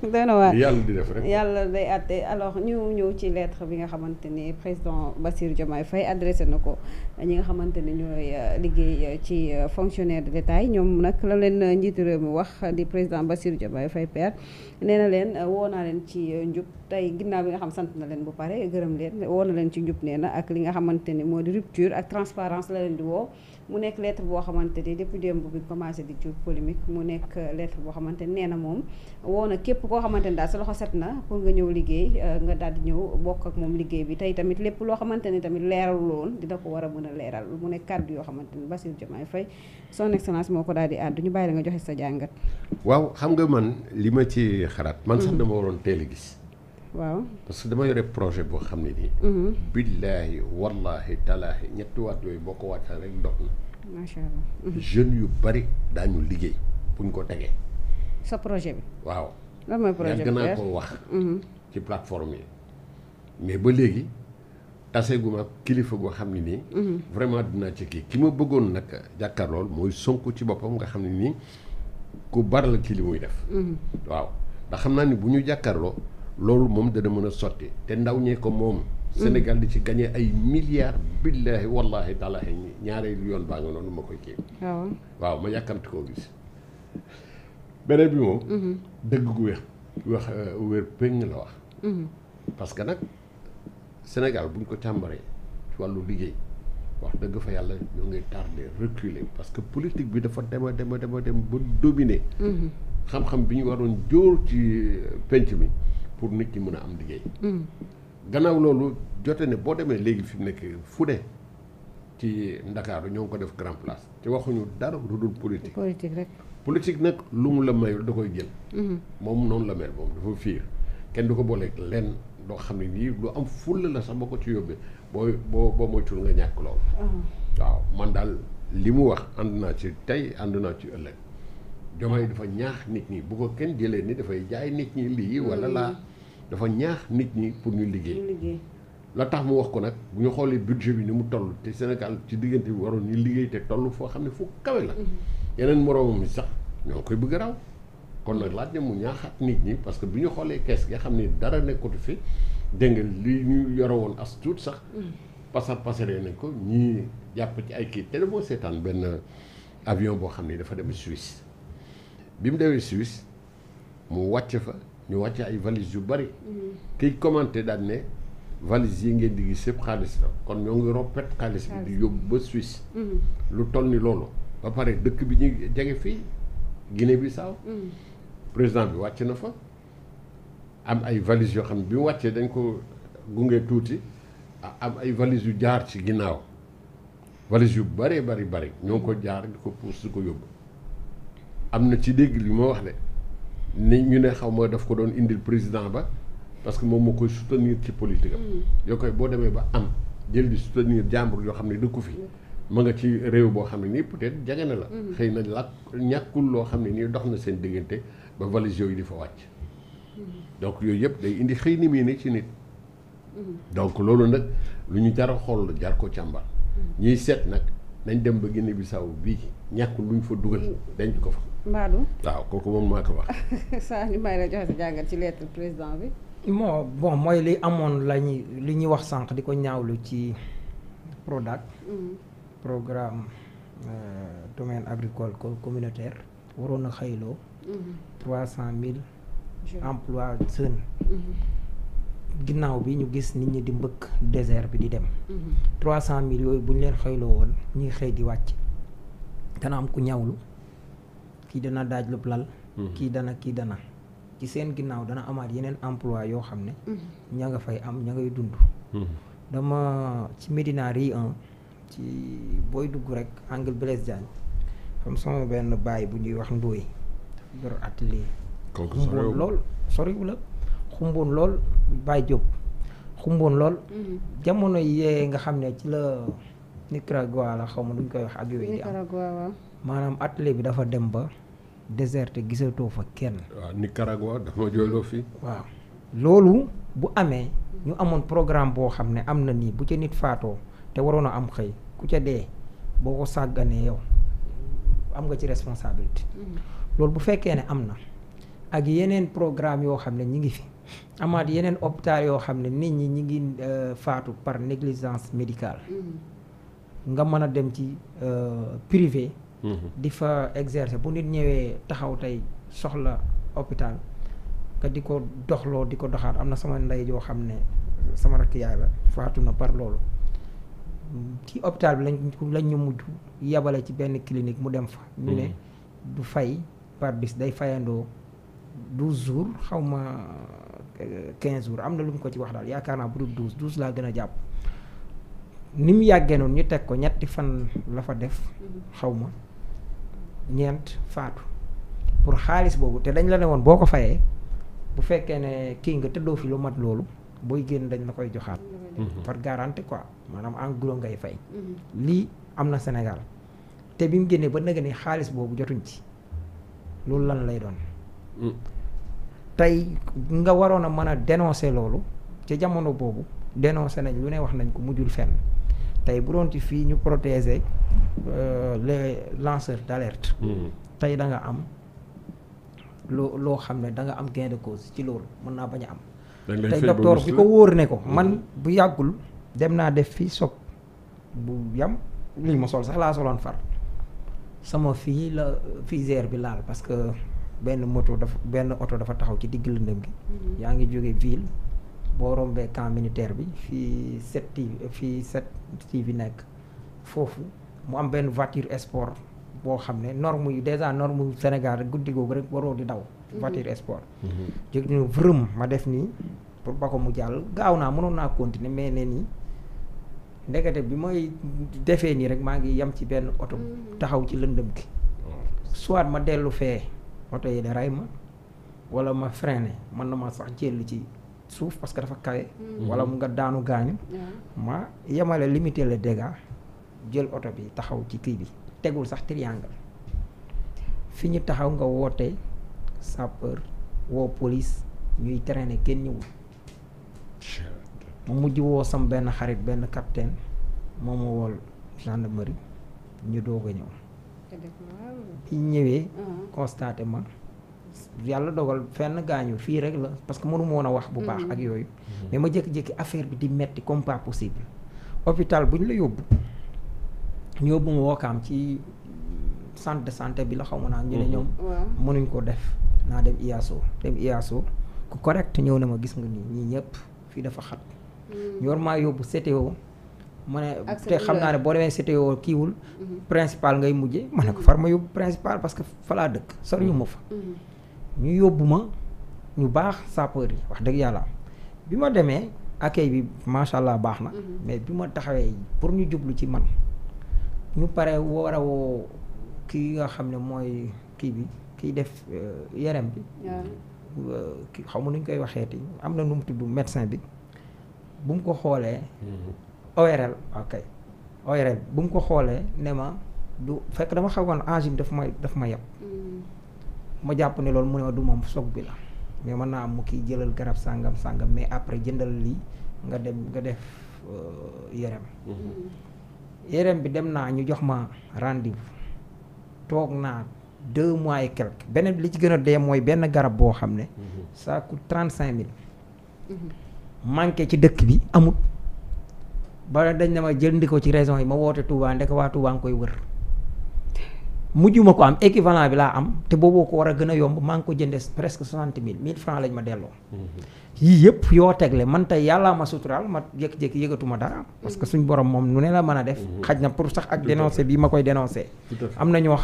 doy na waa yàlla di def rek yàlla àtte alors ñu ñëw ci lettre bi nga xamante ni président Bassirou Diomaye Faye adressé na ko ñi nga xamante ni ñooy euh, liggéey euh, ci euh, fonctionnaire de l'État ñoom nag la leen njiitu réew mi wax di président Bassirou Diomaye Faye père nee na leen woo naa leen ci njub tey ginnaaw bi nga xam sant na leen bu pare gërëm leen woo na leen ci njub nee na ak li nga xamante ni moo di rupture ak transparence la leen di woo mu nekk lettre boo xamante ni depuis commencé di jur polémique mu nekk lettre boo xamante nee na moom woo na képp koo xamante ni daal sa loxo set na pour nga ñëw liggéey euh, nga daal di ñëw bokk ak moom liggéey bi tey tamit lépp loo xamante ni tamit leeral lool dina ko war a mën a leeral mu nekk kàddu yoo xamante ni Bassirou Diomaye fay son excellence moo ko daal di àddu ñu bàyyi la nga sa jàngat waaw xam nga man li ma ci xalaat man sax mm-hmm. dama waroon teel a waaw parce que dama yore projet boo xam ne nii. Mm-hmm. billaahi wallaahi talaahi ñetti waatooy boo ko waajal rek dox na. macha mm-hmm. jeunes yu bari daañu liggéey buñ ko tegee. sa projet bi. waaw. lan mooy projet bi yàgg naa ko wax. Mm-hmm. ci plateforme yi. mais ba léegi taseeguma kilifa goo xam ne nii. vraiment dinaa ci kii ki ma bëggoon nag jàkkaarlool mooy Sonko ci boppam nga xam ne nii ku bari la ci li muy def. waaw ndax xam naa ni bu ñu jàkkaarloo. loolu moom dana mën a sotti te ndaw ñee ko moom. Sénégal di ci gañe ay milliards billahi wallahi taalaahi ñaareelu yoon baa nga noonu ma koy kii. waaw waaw ma yàkkamti koo gis. beneen bi moom. Mm-hmm. dëgg ko wér wax wér péng la wax. Mm-hmm. parce que nag senegal buñ ko càmbaree ci wàllu liggéey wax dëgg fa yàlla ñoo ngi tardé reculer parce que politique bi dafa dema dema dema dem ba dominer. Mm-hmm. xam-xam bi ñu waroon jóor ci euh, penc bi pour nit ñi mën a am liggéey. Mm. gannaaw loolu jote ne boo demee léegi fi nekk fu ne ci ndakaaru ñoo ngi ko def grand place te waxuñu dara lu dul politique. politique nag lu mu la mayul da koy jël. Mm-hmm. moom noonu la mel moom dafa fiir kenn du ko booleeg lenn doo xam ne nii lu am fulla la sax boo ko ci yóbbee boo boo boo moytuwul nga ñàkk lool. Uh-huh. waaw man daal li mu wax ànd naa ci tey ànd naa ci ëllëg. Diomaye dafa ñaax nit ñi bu ko kenn jëlee ni dafay jaay nit ñi lii dafa ñaax nit ñi pour ñu liggéey la tax mu wax ko nag bu ñu xoolee budget bi ni mu toll te Sénégal ci diggante bi waroon ñu liggéey te toll foo xam ne fu kawe la mhm. yeneen moroomam yi sax ñoo koy bëgg a kon nag laaj na mu ñaaxaat nit ñi parce que bu ñu xoolee kees nga xam ne dara nekkatu fi dégg li ñu yore woon as tuut sax mhm. pasar pasaree nañ ko ñii jàpp ci ay kii te boo seetaan benn avion boo xam ne dafa dem Suisse bi mu demee Suisse mu wàcc fa ñu wàcce ay valise yu bari mm-hmm. kiy commenté daan ne valise yi ngeen di gis yëpp xaalis la kon ñoo ngi roppet xaalis bi di yóbbu ba Suisse mm-hmm. lu toll ni loolu ba pare dëkk bi ñu jege fii bi Bissau mm-hmm. président bi wàcc na fa am ay valise yoo xam ne bi mu wàccee dañ ko gunge tuuti am ay valise yu jaar ci ginnaaw valise yu bari bari bari ñoo ngi ko jaar di ko puus di ko yóbbu am na ci dégg li moo wax de ni ñu ne xaw ma daf ko doon indil président ba parce que moom moo koy soutenir ci politique am. Hmm. yoo koy boo demee ba am jël di soutenir jàmbur yoo xam ne dëkku fi. mu nga ci réew boo xam ne nii peut-être jege na la. Hmm. xëy na làkk ñàkkul loo xam ne nii dox na seen diggante ba valise yooyu di fa wàcc. Hmm. donc yooyu yëpp day indi xëy ni mii ne ci nit. donc loolu nag lu ñu jar a xool jar ko càmbar. ñii seet nag nañ dem ba Guinée Bissau bii. ñàkkul luñ fa dugal denc ko fa. Mbadu waaw kooku moom maa ko wax. saa ñu may la joxe sa jàngat ci lettre président bi. bon bon mooy li amoon la ñuy li ñuy wax sànq di ko ñaawlu ci PRODAC. Mm-hmm. programme tomaine euh, agricole communautaire waroon a xëyloo. Mm-hmm. trois cent mille. emplois jeunes. Mm-hmm. ginnaaw bi ñu gis nit ñi di mbëkk désert bi di dem. trois cent mille yooyu bu ñu leen xëyloo woon ñuy xëy di wàcc. dana am ku ñawlu kii dana daaj lu lal. Mhm. kii dana kii dana. ci seen ginnaaw dana amaat yeneen emploi yoo xam ne. Mhm. ña nga fay am ña ngay dund. Mhm. dama ci Médina Rue ci booy dugg rek angle Blaise Diagne xam sama benn baay bu ñuy wax Ndoye yor atelier. xumboon lool soriwu xumboon lool Baye Diop xumboon lool. jamono yee nga xam ne ci la. Nicaragua la xaw ma luñ koy wax ak yooyu di am maanaam atlé bi dafa dem ba déserté gisatoo fa kenn waaw Nicaragua dafa jooloo waaw loolu bu amee ñu amoon programme boo xam ne am na nii bu ca nit faatoo te waroon a am xëy ku ca dee boo ko sàgganee yow am nga ci responsabilité mm-hmm. loolu bu fekkee ne am na ak yeneen programme yoo xam ne ñi ngi fi amaat yeneen hôpital yoo xam ne nit ñi ñi ngi euh, faatu par négligence médicale mm-hmm. nga mën a dem ci euh, privé. Mhm. di fa exercer bu nit ñëwee taxaw tey soxla hôpital nga di ko doxloo di ko doxaat am na sama ndey yoo xam ne sama rakk yaay faatu na par loolu ci hôpital bi lañ lañ ñu mujj yebale ci benn clinique mu dem fa. ñu ne mhm. du fay par bis day fayandoo douse jours xaw ma euh, quinze jours am na lu mu ko ci wax daal yaakaar naa bu dul douze douze laa gën a jàpp. ni mu yàggee noonu ñu teg ko ñetti fan la fa def xaw ma ñeent faatu pour xaalis boobu te dañ la ne woon boo ko fayee bu fekkee ne kii nga tëddoo fi lu mat loolu booy génn dañ la koy joxaat. Mhm. par garantie quoi maanaam en gros ngay fay. Mhm. lii am na Sénégal te bi mu génnee ba nag ni xaalis boobu jotuñ ci loolu lan lay doon. Mm. tey nga waroon a mën a dénoncer loolu ci jamono boobu. dénoncé nañ lu ne wax nañ ko mujjul fenn tey bu doon ci fii ñu protéger euh, les lanceurs d'alerte. Hmm. tey da nga am loo loo xam ne da nga am gain de cause ci loolu mën naa bañ a am. tey docteur bi ko wóor ne ko hmm. man bu yàggul dem naa def fi soog bu yam li ma sol sax laa soloon far sama fii la visière bi laal parce que benn moto dafa benn oto dafa taxaw ci digg lëndëm gi. Hmm. yaa ngi jóge ville. boo rombee camp militaire bi fii 7TV fii 7TV nekk foofu mu am benn voiture sport boo xam ne norme yu déjà norme yu Sénégal rek guddi googu rek waroo di daw. Mhm. voiture sport. Mhm. jóg ñu vrëm ma def nii pour ba ko mu jàll gaaw naa mënoon naa continuer mais nee nii ndekete bi may defee nii rek maa ngi yem ci benn oto mhm. taxaw ci lëndëm gi. Oh. soit ma dellu fee oto yi de ray ma walla ma freiné mën na ma sax jël ci. suuf parce que dafa kawe. Mm-hmm. wala mu nga daanu gaañu. ma yemale limiter les dégâts jël oto bi taxaw ci kii bi tegul sax triangle fi ñu taxaw nga woote sapeur woo polis ñuy traine kenn ñëwul. mu mujj woo sam benn xarit benn capitaine moom mu wool gendarmerie ñu doog ñëw. bi ñëwee. Uh-huh. constaté ma. yàlla dogal fenn gaañu fii rek la parce que mënu ma a wax bu mhm. baax ak mhm. yooyu mais ma jékki-jékki affaire bi di metti comme pas possible hôpital bu ñu la yóbbu ñu yóbbu ma wookaam ci centre de santé bi la xam ma naa ñu ne mhm. ñoom mënuñ ko def naa dem IASO dem IASO ku correct ñëw na ma gis nga nii ñii ñëpp fii dafa xat ñu war maa yóbbu CTO ma ne te xam naa ne boo demee CTO kiiwul principal ngay mujje ma ne ko far ma yóbbu principal parce que fa dëkk sori yu fa ñu yóbbu ma ñu baax sapeur yi wax dëgg yàlla bi ma demee accueil bi macha allah baax na. Mhm. mais bi ma taxawee pour ñu jublu ci man ñu pare war a woo nga xam ne mooy kii bi kiy def euh, yaram bi. Euh, ki xaw ma nu ñu koy waxeeti am na nu mu tudd médecin bi bu mu ko xoolee. Mhm. ORL ok ORL bu mu ko xoolee ne ma du fekk dama xaw âge bi dafa may daf ma yab. Mm. ma jàpp ne loolu mu ne ma du moom soog bi la mais mën naa am mu kii jëlal garab sàngam sàngam mais après jëndal lii nga dem nga def euh, yërem mm-hmm. yërem bi dem naa ñu jox ma rendez-vous toog naa deux mois et quelque beneen li ci gën a dee mooy benn garab boo xam ne mm-hmm. ça coûte trente cinq mille mm-hmm. manqué ci dëkk bi amut ba dañ ne ma jëndi ci raison yi ma woote Touba ndek waa Touba nga koy wër mujjuma ko am équivalent bi laa am te booboo ko war a gën a yomb maa ngi ko jëndee presque soixante mille mille francs lañ ma delloo. Mhm. yii yëpp yoo tegle man tey yàlla ma suturaal ma jékki-jékki yëgatuma dara. parce que suñ borom moom nu ne la mën a def. Mhm. xaj na pour sax ak dénoncé bi ma koy dénoncé. am na ñoo